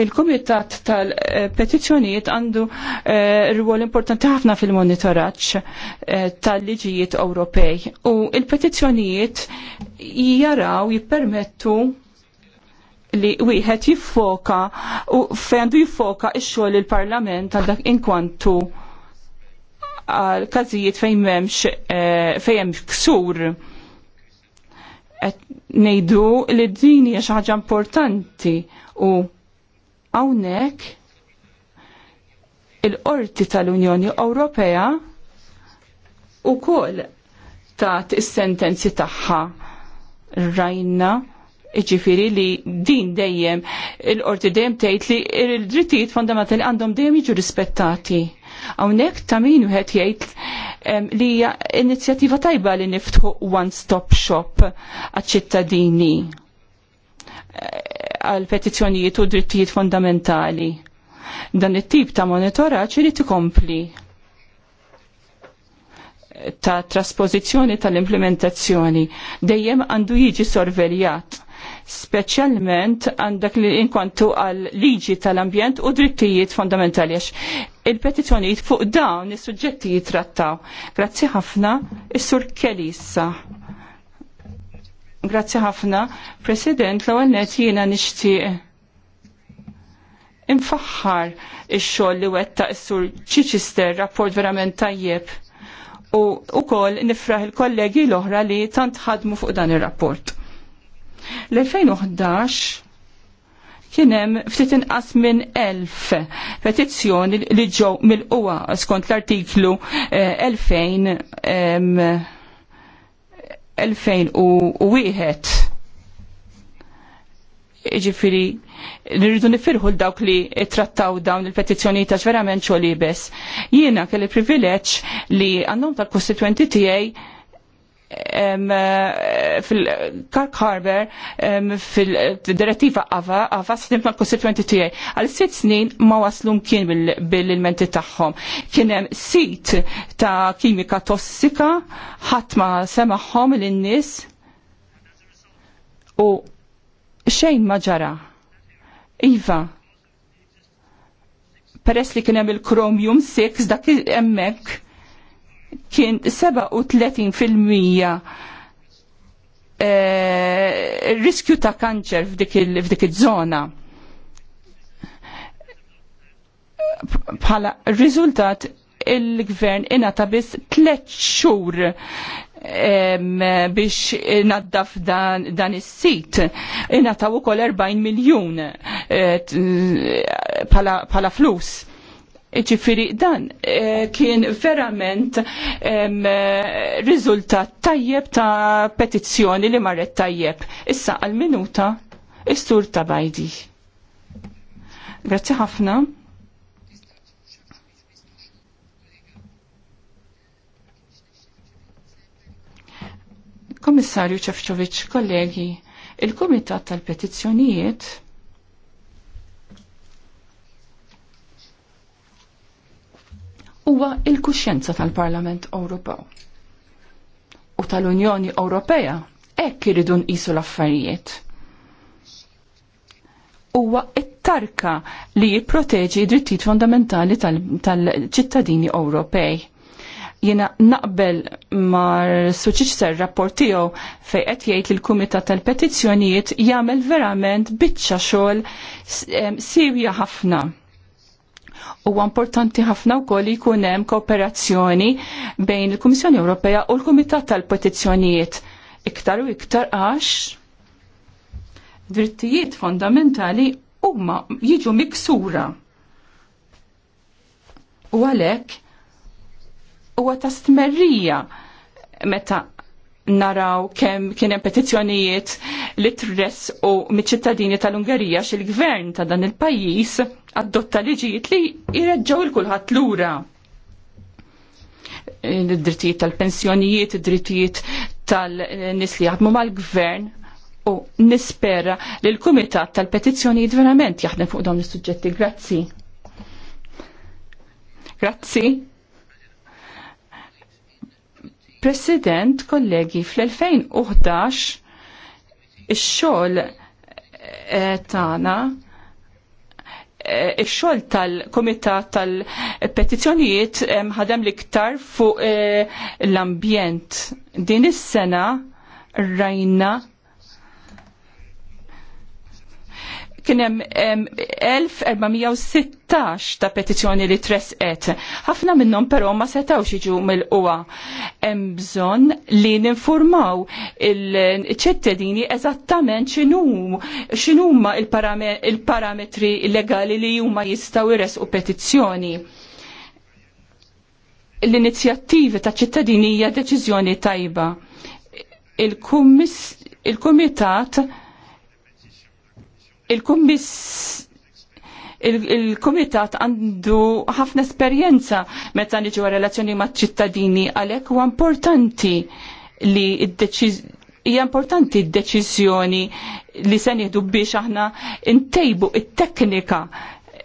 il-Komitat tal-Petizzjonijiet għandu eh, rwol importanti ħafna fil-monitoraġġ eh, tal-liġijiet Ewropej. U il-petizzjonijiet jaraw jippermettu li wieħed jiffoka u fejn jiffoka ix xogħol il-Parlament għal dak inkwantu għal każijiet fejn m'hemmx eh, fejn hemm ksur qed ngħidu li din hija xi ħaġa importanti u hawnhekk il-qorti tal-Unjoni Ewropea wkoll tat is-sentenzi tagħha rajna iġifiri li din dejjem il-qorti dejjem tgħid li l-drittijiet fondamentali għandhom dejjem jiġu rispettati. Hawnhekk ta' min wieħed jgħid li hija inizjattiva tajba li niftħu one-stop shop għal ċittadini eh, għal petizzjonijiet u drittijiet fondamentali. Dan it-tip ta' monitoraġġ irid ikompli ta' trasposizjoni tal-implementazzjoni dejjem għandu jiġi sorveljat speċjalment għandak li inkontu għal liġi tal-ambjent u drittijiet fondamentali għax il-petizzjonijiet fuq dawn is-suġġetti jitrattaw. Grazzi ħafna, is-Sur Kelissa. Grazzi ħafna, President, l-ewwel net jiena nixtieq infaħħar ix-xogħol li wetta s-sur Chichester, rapport verament tajjeb. U wkoll nifraħ il-kollegi l-oħra li tant ħadmu fuq dan ir-rapport. L-2011 Kien hemm ftit inqas minn elf petizzjoni li ġew mill-qwa skont l-artiklu 2000 eh, wieħed. Ġifiri, nirridu nifirħu l-dawk li trattaw dawn il-petizzjoni ta' verament xolibes. Jiena kelli privileġġ li għannom tal-kostituenti tiegħi Eh, fil Harbour Harbor fil-direttiva Ava, Ava s-snimt ma' l tijaj. Għal sitt snin ma' waslum kien bil-elementi taħħom. Kienem sit ta' kimika tossika, ħatma semaħħom l nies u xejn ma' ġara. Iva, peress li kienem il-Chromium 6 dak emmek, kien 37 fil-mija eh, riskju ta' kanċer f'dik iż-żona. Bħala riżultat il-gvern ta' biss tliet xhur biex naddaf dan, is-sit. Inata wkoll 40 miljun pala eh, bħala flus Ġifiri, dan eh, kien verament eh, riżultat tajjeb ta' petizzjoni li marret tajjeb. Issa għal-minuta, istur ta' bajdi. Grazzi ħafna. Komissarju Ċefċoviċ, kollegi, il-Kumitat tal-Petizzjonijiet huwa il-kuxjenza tal-Parlament Ewropew u tal-Unjoni Ewropea hekk iridu nqisu l-affarijiet. Huwa it-tarka li jipproteġi d-drittijiet fondamentali tal-ċittadini tal Ewropej. Jiena naqbel mar suċiċ ser rapport tiegħu fejn qed jgħid li l-Kumitat tal-Petizzjonijiet jagħmel verament biċċa xogħol sirja ħafna Huwa importanti ħafna u koll jkun hemm kooperazzjoni bejn il-Kummissjoni Ewropea u l-Kumitat tal-Petizzjonijiet iktar u iktar għax drittijiet fondamentali huma jiġu miksura. U għalhekk huwa ta' stmerrija meta naraw kemm kien hemm petizzjonijiet li tress u miċ-ċittadini tal-Ungerija xil-gvern ta' dan il-pajjiż adotta liġijiet li jirreġġaw il-kulħadd lura id-drittijiet tal-pensjonijiet, id-drittijiet tal-nis li jaħdmu mal-gvern u nispera li l-Kumitat tal-Petizzjonijiet verament jaħdem fuq dawn is-suġġetti. Grazzi. Grazzi. President, kollegi, fl-2011 ix-xogħol eh, tagħna Eh, ix-xogħol tal-Kumitat tal-Petizzjonijiet ħadem l-iktar fuq eh, l-ambjent. Din is-sena rajna kienem 1416 ta' petizjoni li tresqet. ħafna minnhom però ma setawx jiġu mill-qwa. Hemm bżonn li ninformaw il-ċittadini eżattament x'inhu x'inhuma il-parametri legali li huma jistgħu jresqu petizzjoni l-inizjattivi ta' ċittadini hija deċiżjoni tajba. Il-kumitat il kumitat il kumitat komitat għandu ħafna esperjenza meta niġu relazzjoni ma' ċittadini għalhekk huwa importanti li hija importanti d-deċiżjoni li se nieħdu biex aħna ntejbu it-teknika,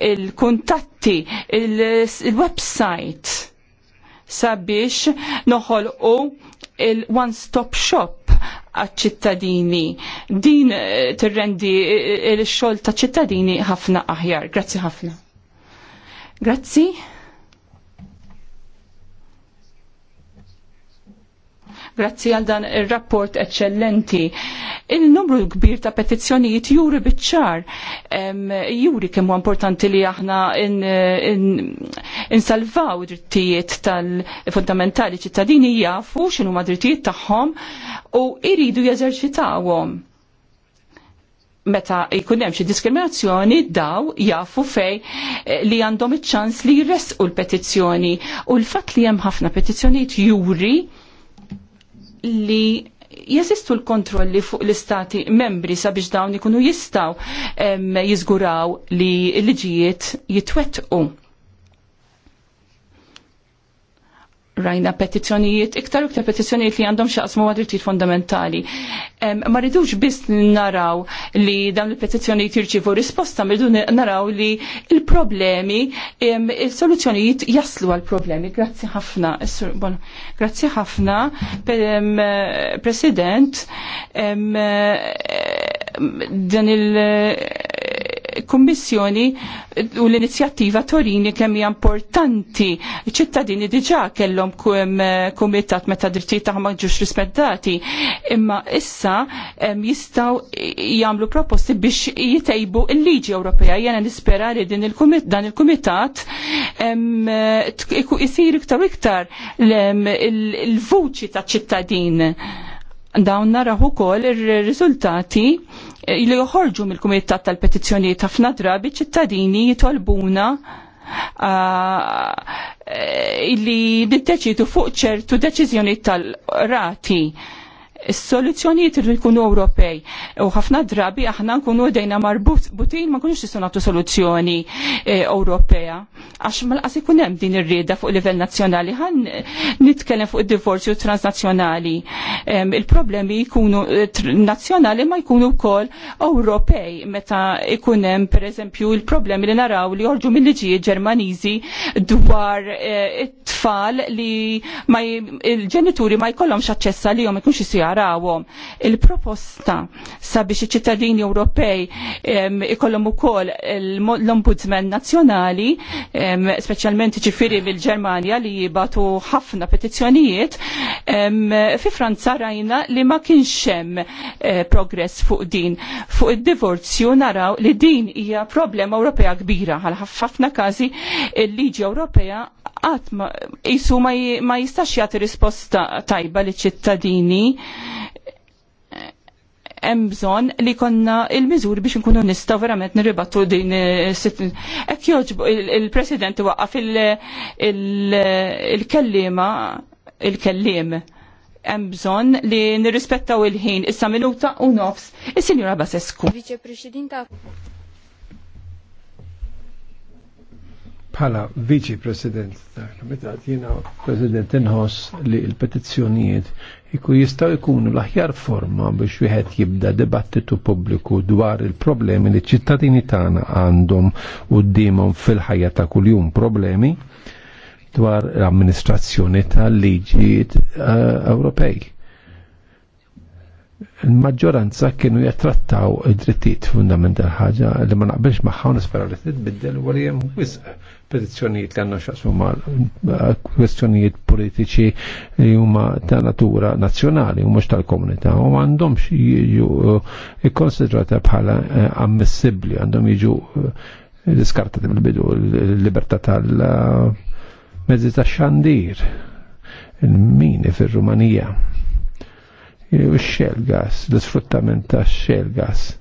il-kuntatti, il-website sabiex noħolqu il-one-stop shop għal-ċittadini. Din eh, tirrendi eh, eh, il-xol ta' ċittadini ħafna aħjar. Grazzi ħafna. Grazzi. grazzi għal dan ir-rapport eċċellenti. Il-numru kbir ta' petizzjonijiet juri biċ-ċar, juri kemm importanti li aħna insalvaw in, in drittijiet tal-fundamentali ċittadini jafu xinu ma' drittijiet tagħhom u jridu jazerċitawom. meta jkun hemm xi diskriminazzjoni daw jafu fej eh, li għandhom iċ-ċans li jressqu l-petizzjoni u l-fatt li hemm ħafna petizzjonijiet juri li jesistu l-kontrolli fuq l-istati membri sabiex dawn ikunu jistaw jizguraw li l-liġijiet jitwettqu. rajna petizzjonijiet, iktar iktar petizzjonijiet li għandhom xaqsmu għadrittijiet fundamentali. Ma ridux biss naraw li dawn il-petizzjonijiet jirċivu risposta, mirdu naraw li il-problemi, il-soluzzjonijiet jaslu għal-problemi. Grazzi ħafna, bon, grazzi ħafna, President, eh, dan il- il-Kummissjoni u l-inizjattiva Torini kemm hija importanti. ċittadini diġà kellhom kumitat meta drittijiet tagħhom ma ġux rispettati, imma issa jistgħu jagħmlu proposti biex jitejbu l-liġi Ewropea. Jena nispera li din il dan il-kumitat isir iktar iktar il-vuċi ta' ċittadin dawn naraħ ukoll ir-riżultati Eh, li joħorġu mill-Kumitat tal-Petizzjonijiet ħafna drabi ċittadini jitolbuna ah, eh, li niddeċidu fuq ċertu deċiżjonijiet tal-rati Is-soluzzjonijiet irridu jkunu Ewropej u ħafna drabi aħna nkunu dejna marbut butin ma kunux nistgħu nagħtu soluzzjoni e, Ewropea għax malqas ikun hemm din ir-rieda fuq livell nazzjonali ħan nitkellem fuq id-divorzju transnazzjonali. Il-problemi jkunu e, nazzjonali ma jkunu wkoll Ewropej meta ikun hemm pereżempju il-problemi li naraw li jorġu mill-liġijiet Ġermaniżi dwar e, it-tfal li il-ġenituri ma jkollhomx aċċessa għalihom ma ikunx isir narawhom. Il-proposta sabiex iċ-ċittadini Ewropej ikollhom ukoll l-Ombudsman Nazzjonali, speċjalment ġifieri mill-Ġermanja li jibatu ħafna petizzjonijiet, fi Franza rajna li ma kienx hemm eh, progress fuq din. Fuq id-divorzju naraw li din hija problema Ewropea kbira għal ħafna każi il-liġi Ewropea qatt ma jisu ma jistax jagħti risposta tajba li ċittadini hemm bżonn li konna il-miżuri biex nkunu nistgħu verament nirribattu din hekk eh, joġbu il-President waqaf il-kellima il-kellim hemm bżonn li nirrispettaw il-ħin issa minuta u nofs is-Sinjura Basescu. Presidenta bħala viċi president tal-komitat jiena president inħoss li l-petizzjonijiet iku jistgħu jkunu l-aħjar forma biex wieħed jibda dibattitu pubbliku dwar il-problemi li ċittadini tagħna għandhom qudiemhom fil-ħajja ta' kuljum problemi dwar l-amministrazzjoni tal-liġijiet eh, Ewropej. Il-maġġoranza kienu jattrattaw id-drittijiet fundamentali ħaġa li ma naqbilx magħha nispera li titbiddel u li wisq petizzjonijiet li għanna xasmu ma' kwestjonijiet politiċi li huma ta' natura nazzjonali u mhux tal-komunità u għandhomx jiġu eh, ikkonsidrata bħala eh, ammissibbli għandhom jiġu eh, diskartati bil-bidu l-libertà tal-mezzi ta' xandir il-mini fir-Rumanija il-xel gas, l-sfruttament ta' xel gas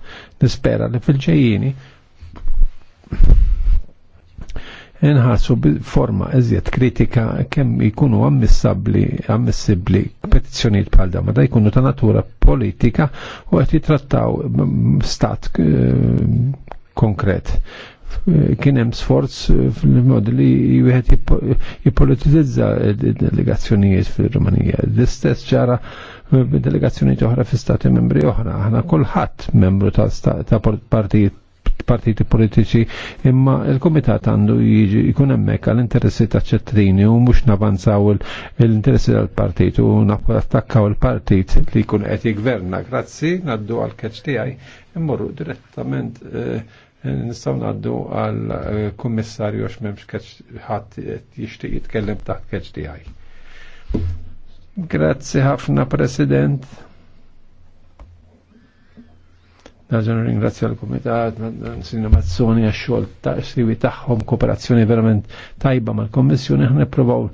nispera li fil-ġejjini Inħarsu forma eżjed kritika kemm ikunu ammissibbli ammissibbli petizzjonijiet bħal dawn, da jkunu ta' natura politika u qed jitrattaw stat eh, konkret. Kien hemm sforz eh, fil-mod li wieħed jippolitizza delegazzjonijiet fil-Rumanija. L-istess ġara delegazzjonijiet oħra fi stati membri oħra. Aħna kulħadd membru ta' partijiet partiti politiċi, imma il-komitat għandu jiġi jkun hemmhekk għall-interessi ta' ċettrini u mhux navanzaw l-interessi tal-partit u attakkaw il-partit li jkun qed jigverna. Grazzi, naddu għal-keċ tiegħi, immorru direttament eh, nistgħu ngħaddu għall-kummissarju eh, għax m'hemmx keċ ħadd jixtieq jitkellem taħt keċ tiegħi. Grazzi ħafna President. Daġan ringrazzja l-Komitat, Sinna Mazzoni għax-xogħol ta' siwi tagħhom kooperazzjoni verament tajba mal-Kommissjoni aħna nipprovaw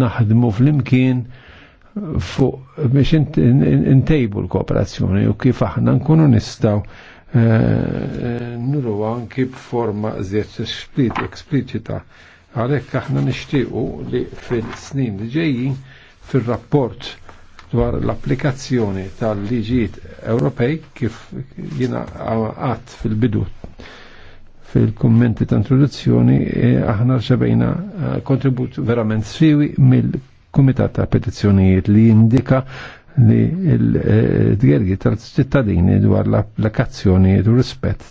naħdmu fl-imkien fuq biex intejbu l-kooperazzjoni u kif aħna nkunu nistgħu eh, nuru anki b'forma żjed split eksplicita għalhekk aħna nixtiequ li fil-snin li ġejjin fil-rapport dwar l-applikazzjoni tal-liġijiet Ewropej kif jiena għat fil-bidu fil-kommenti ta' introduzzjoni e, aħna rċebejna eh, kontribut verament siwi mill-Kumitat ta' Petizzjonijiet li jindika li l-dgergi tal-ċittadini dwar l-applikazzjoni u rispett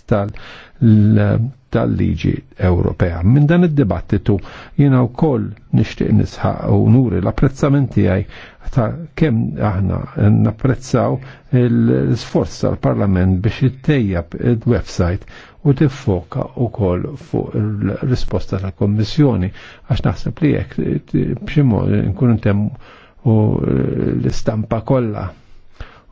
tal-liġi Ewropea. Minn dan id-dibattitu jiena wkoll nixtieq nisħaq u nuri l-apprezzament tiegħi ta' kemm aħna napprezzaw l-sforz tal-Parlament biex ittejjab id-website u tiffoka u kol fuq il-risposta tal-Kommissjoni għax naħseb li jek bximod nkun intemm u l-istampa kollha.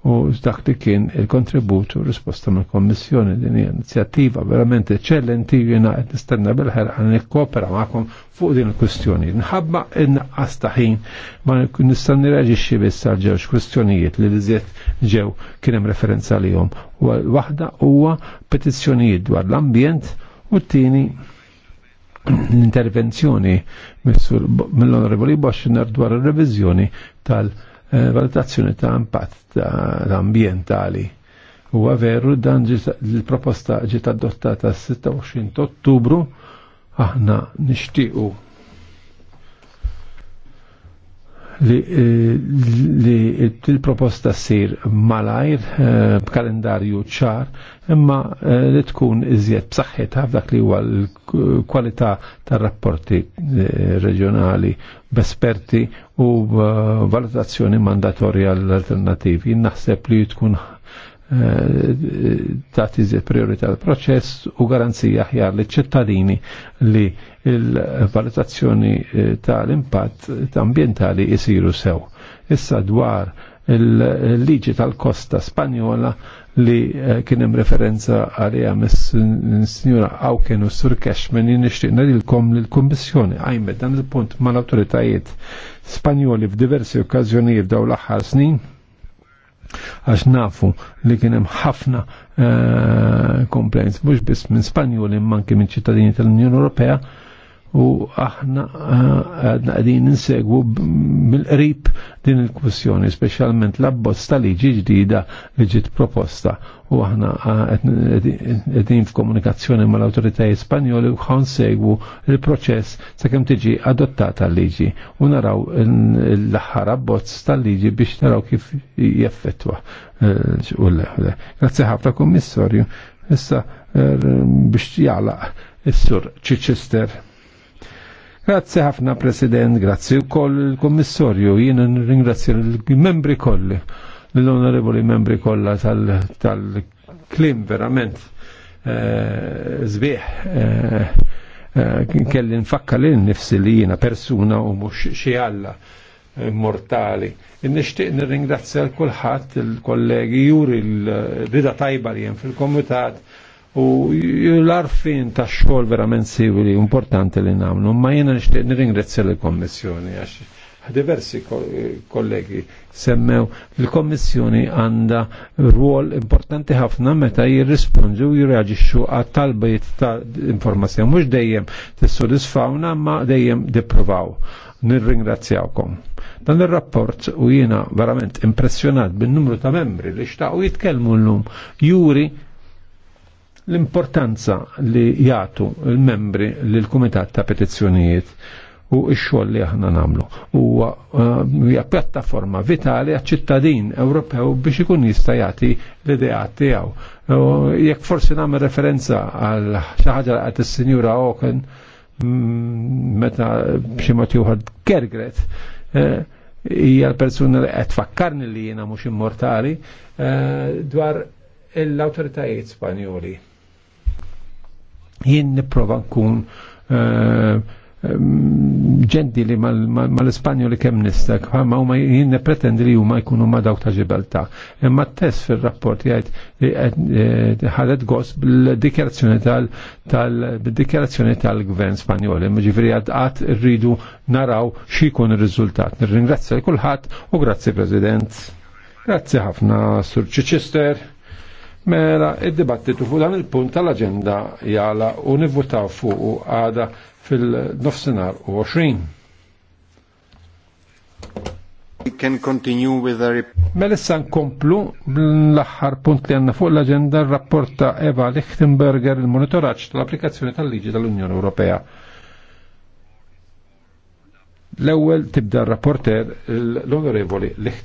U dak li kien il-kontribut u risposta mal kommissjoni din hija inizjattiva verament eċċellenti jiena qed nistenna bil-ħerqa nikkopera magħkom fuq din il-kwistjoni. Nħabba innaqqas ta' ħin ma nista' nirreġixxi biss għal ġewġ kwistjonijiet li liżiet ġew kien hemm referenza lihom. Waħda huwa petizzjonijiet dwar l-ambjent u t-tieni l-intervenzjoni mill-Onorevoli Boschner dwar il-revizjoni tal-valutazzjoni ta' impatt ambientali. U, għaveru dan l-proposta ġiet adottata s-26 Ottubru aħna nixtiequ li eh, il-proposta sir malajr eh, b'kalendarju ċar imma eh, li tkun iżjed b'saħħitha f'dak li huwa l-kwalità tar-rapporti reġjonali b'esperti u valutazzjoni mandatorja l-alternativi. Naħseb li tkun Eh, ta' iżjed priorità l proċess u garanzija ħjar li ċittadini li l-valutazzjoni eh, tal-impatt eh, ambjentali jisiru sew. Issa dwar il-liġi tal-kosta Spanjola li kien hemm referenza għalija mis signora għaw kienu sur Cashman nixtieq ngħidilkom li l-Kummissjoni għajmet dan il-punt mal autoritajiet Spanjoli f'diversi okkażjonijiet daw l-aħħar snin għax nafu li kien hemm ħafna eh, complaints mhux biss minn Spanjoli imma anke minn ċittadini tal-Unjoni Ewropea u aħna eh, għadna għadin insegwu bil-qrib din il-kwissjoni, specialment l-abbozz tal-liġi ġdida li ġiet proposta u aħna eh, għadin f'komunikazzjoni mal autoritajiet spanjoli u għan segwu il-proċess sakemm tiġi adottata l-liġi u naraw l-aħħar abbozz tal-liġi biex naraw kif jaffetwa. Eh, Grazzi ħafna kommissorju, issa biex jgħalaq is-sur Chichester. Grazzi ħafna President, grazzi u koll il-Kommissorju, jien ringrazzi l membri kolli, l-onorevoli membri kolla tal-klim verament eh, zbieħ eh, eh, kelli nfakka li nifsi li jiena persuna u mux xialla mortali. Nishtiq nirringrazzja l-kulħat, l-kollegi juri l-rida tajba li jen fil-komitat u l-arfin ta' xol verament sivili importanti li namlu, ma jena nishtiq nirringrazzja l-Kommissjoni għax diversi kollegi semmew l-Kommissjoni għanda ruol importanti ħafna meta jirrisponġu u jirraġixxu għat talbajt ta' informazzjoni. Mhux dejjem tissodisfawna ma dejjem dippruvaw. Nirringrazzjawkom. Dan ir-rapport u jiena verament impressjonat bin-numru ta' membri li jitkelmu jitkellmu llum juri l-importanza li jagħtu l-membri lill-Kumitat ta' Petizzjonijiet u x-xogħol li aħna nagħmlu. U eh, hija pjattaforma vitali għal ċittadin Ewropew biex ikun jista' jagħti l-ideat tiegħu. Eh, jekk forsi nagħmel referenza għal xi ħaġa qed is-Sinjura Oken mm, meta b'xi mod juħad Kergret eh, hija l-persuna li qed fakkarni li jiena mhux immortali dwar l-awtoritajiet Spanjoli jien nipprova nkun eh, mm, ġendili mal-Ispanjoli kemm nistak, ma huma jien pretendi li huma jkunu ma dawk ta' ġibalta. Imma test fir-rapport jgħid eh, ħadet gost bil-dikjarazzjoni tal-dikjarazzjoni tal-Gvern Spanjoli. Ġifieri għad rridu naraw x'ikun ir-riżultat. Nirringrazzja kulħadd u grazzi President. Grazzi ħafna Sur Chichester. Mela, id-dibattitu fuq dan il-punt tal-agenda jala u nivvotaw fuq għada fil-nofsenar u 20. We can continue with mela, nkomplu l-aħħar punt li għandna fuq l-agenda r Eva Lichtenberger il-monitoraġġ tal-applikazzjoni tal-liġi tal-Unjoni Ewropea. L-ewwel tibda r-rapporter l-Onorevoli Lichtenberger.